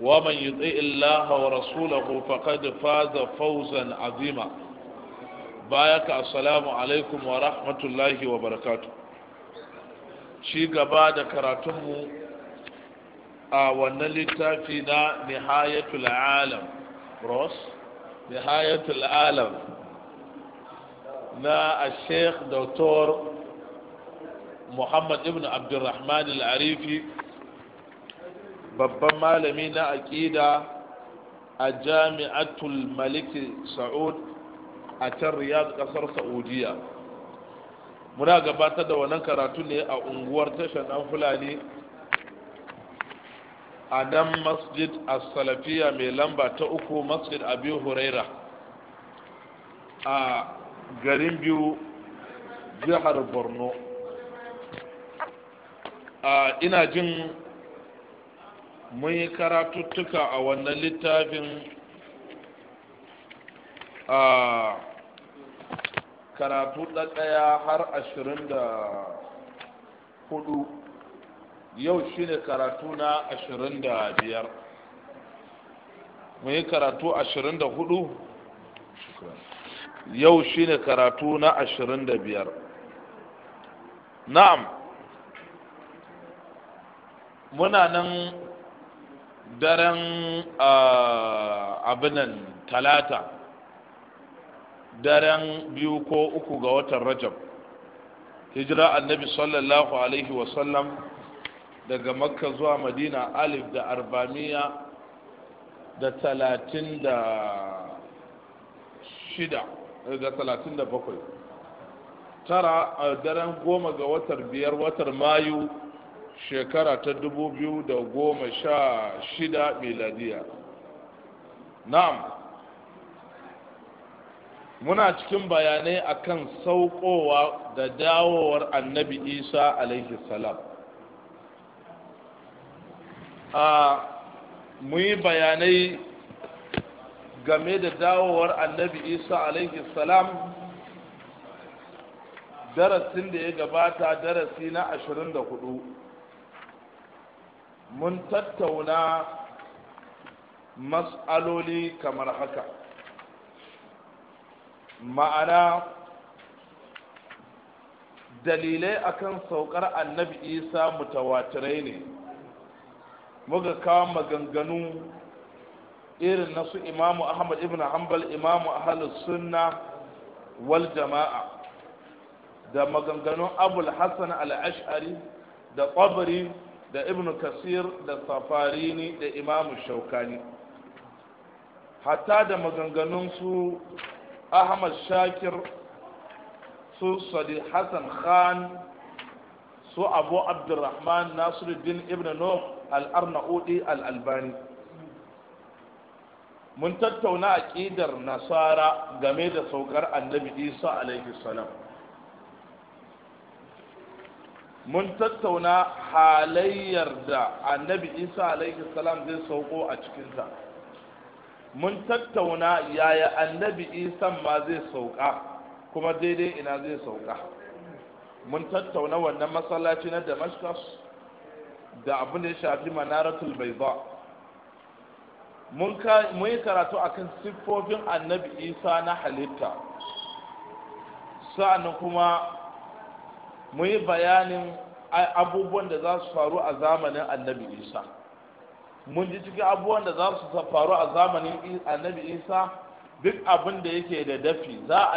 ومن يطيع الله ورسوله فقد فاز فوزا عظيما بايك السلام عليكم ورحمة الله وبركاته شي غبا da karatunmu a wannan littafi na nihayatul alam ros nihayatul alam na a sheikh dr muhammad ibn abdurrahman al-arifi babban malami na aƙida a jami'atul malik sa'ud a can riyadh ƙasar saudiya muna gabatar da wannan karatu ne a unguwar tashar ɗan fulani a nan masjid as-salafiya mai lamba ta uku masjid abi huraira a garin biyu jihar borno ina jin mun yi karatuttuka a wannan littafin a karatu ɗaya har ashirin da hudu yau shi ne karatu na ashirin da biyar mun yi karatu ashirin da hudu yau shi ne karatu na ashirin da biyar na'am muna nan daren abinan talata daren biyu ko uku ga watan rajab hijira annabi sallallahu alaihi wasallam daga makka zuwa madina alif da arbamiya da talatin da shida eh, da talatin da bakwai tara daren goma ga watar biyar watar mayu shekara ta dubu biyu da goma sha shida miladiya na'am muna cikin bayanai akan saukowa da dawowar annabi isa alaihi salam a muyi bayanai game da dawowar annabi isa alaihi salam darasin da ya gabata darasi na ashirin da hudu mun tattauna mas'aloli kamar haka ma'ana dalilai akan saukar annabi isa mutawatirai ne muka kawo maganganu irin na su imamu ahmad ibn hanbal imamu ahalus sunna wal jama'a da maganganun abul hassan al-ash'ari da qabri da ibn kasir da safarini da imamu shaukani hatta da maganganunsu ahmad shakir su sadi hassan khan su abu abdurrahman nasiruddin ibn nuh al-arnaudi al-albani mun tattauna aƙidar nasara game da saukar annabi isa alaihi salam mun tattauna halayyar da annabi isa alaihi salam zai sauko a cikinta mun tattauna yaya annabi isa ma zai sauka kuma daidai ina zai sauka mun tattauna wannan masallaci na damascus da abin da ya shafi manaratul baiza mun yi karatu akan siffofin annabi isa na halitta sa'annan kuma mu yi bayanin abubuwan da za su faru a zamanin annabi isa mun ji cikin abubuwan da za su faru a zamanin annabi isa duk abin da yake da dafi za a